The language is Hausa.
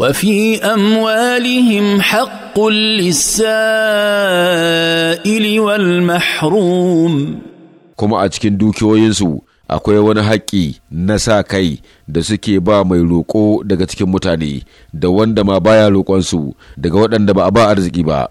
وفي اموالهم حق للسائل والمحروم kuma a cikin dukiyoyinsu akwai wani haƙƙi na sa kai da suke ba mai roƙo daga cikin mutane da wanda ma baya roƙonsu daga waɗanda ba a ba arziki ba